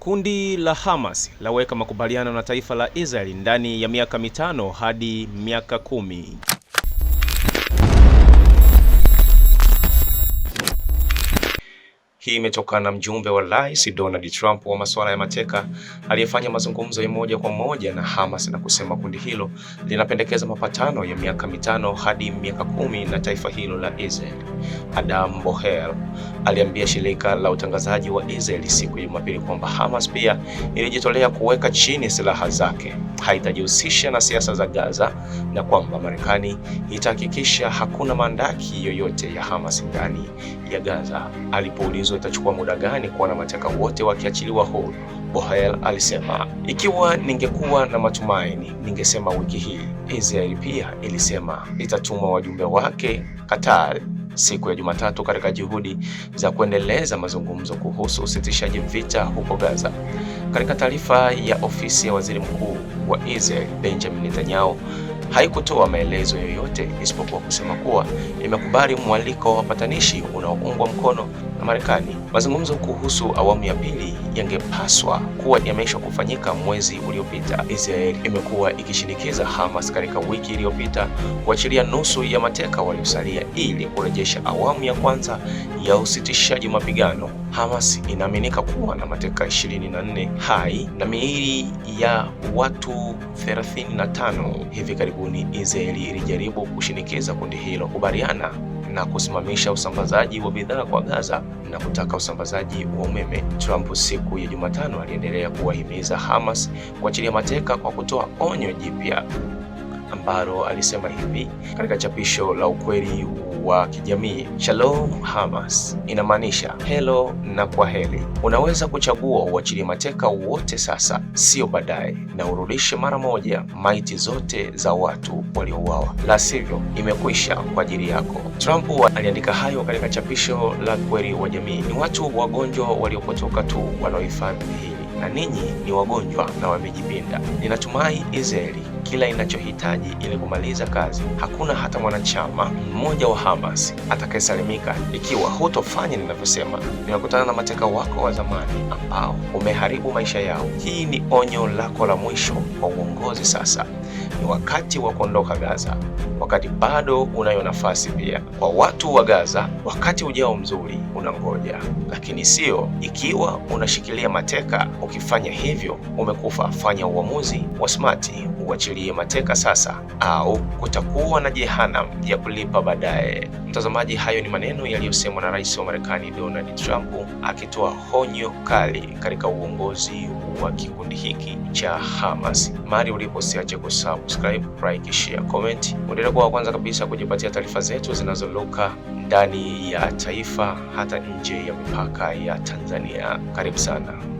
Kundi la Hamas laweka makubaliano na taifa la israel ndani ya miaka mitano hadi miaka kumi. Hii imetokana na mjumbe wa Rais Donald Trump wa masuala ya mateka aliyefanya mazungumzo ya moja kwa moja na Hamas na kusema kundi hilo linapendekeza mapatano ya miaka mitano hadi miaka kumi na taifa hilo la Israel. Adam Boher aliambia shirika la utangazaji wa Israeli siku ya Jumapili kwamba Hamas pia ilijitolea kuweka chini silaha zake, haitajihusisha na siasa za Gaza na kwamba Marekani itahakikisha hakuna mandaki yoyote ya Hamas ndani ya Gaza. Alipoulizwa itachukua muda gani kuona mateka wote wakiachiliwa huru, Bohel alisema, ikiwa ningekuwa na matumaini ningesema wiki hii. Israeli pia ilisema itatuma wajumbe wake Qatar siku ya Jumatatu katika juhudi za kuendeleza mazungumzo kuhusu usitishaji vita huko Gaza. Katika taarifa ya ofisi ya Waziri Mkuu wa Israel Benjamin Netanyahu haikutoa maelezo yoyote isipokuwa kusema kuwa imekubali mwaliko wa wapatanishi unaoungwa mkono na Marekani. Mazungumzo kuhusu awamu ya pili yangepaswa kuwa yameisha kufanyika mwezi uliopita. Israel imekuwa ikishinikiza Hamas katika wiki iliyopita kuachilia nusu ya mateka waliosalia ili kurejesha awamu ya kwanza ya usitishaji mapigano. Hamas inaaminika kuwa na mateka 24 hai na miili ya watu 35. Hivi karibuni Israeli ilijaribu kushinikiza kundi hilo kubaliana na kusimamisha usambazaji wa bidhaa kwa Gaza na kutaka usambazaji wa umeme. Trump siku ya Jumatano aliendelea kuwahimiza Hamas kuachilia mateka kwa kutoa onyo jipya ambalo alisema hivi katika chapisho la ukweli wa kijamii. Shalom Hamas inamaanisha helo na kwa heri. Unaweza kuchagua uachilie mateka wote sasa, sio baadaye, na urudishe mara moja maiti zote za watu waliouawa, la sivyo imekwisha kwa ajili yako. Trump aliandika hayo katika chapisho la kweli wa jamii. Ni watu wagonjwa waliopotoka tu wanaohifadhi hili na ninyi ni wagonjwa na wamejipinda. Ninatumai Israeli kila inachohitaji ili kumaliza kazi. Hakuna hata mwanachama mmoja wa Hamas atakayesalimika ikiwa hutofanya ninavyosema. Ninakutana na mateka wako wa zamani ambao umeharibu maisha yao. Hii ni onyo lako la mwisho kwa uongozi sasa ni wakati wa kuondoka Gaza, wakati bado unayo nafasi pia. Kwa watu wa Gaza, wakati ujao mzuri unangoja, lakini sio ikiwa unashikilia mateka. Ukifanya hivyo umekufa. Fanya uamuzi wa smart uachilie mateka sasa, au kutakuwa na jehanamu ya kulipa baadaye. Mtazamaji, hayo ni maneno yaliyosemwa na rais wa Marekani Donald Trump akitoa honyo kali katika uongozi wa kikundi hiki cha Hamas. Mari ulipo, usiache kusubscribe, like, share, comment. Endelea kuwa wa kwanza kabisa kujipatia taarifa zetu zinazoluka ndani ya taifa hata nje ya mipaka ya Tanzania. Karibu sana.